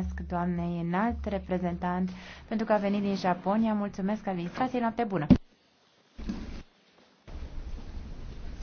mulțumesc doamnei înalt reprezentant pentru că a venit din Japonia, mulțumesc administrației, noapte bună!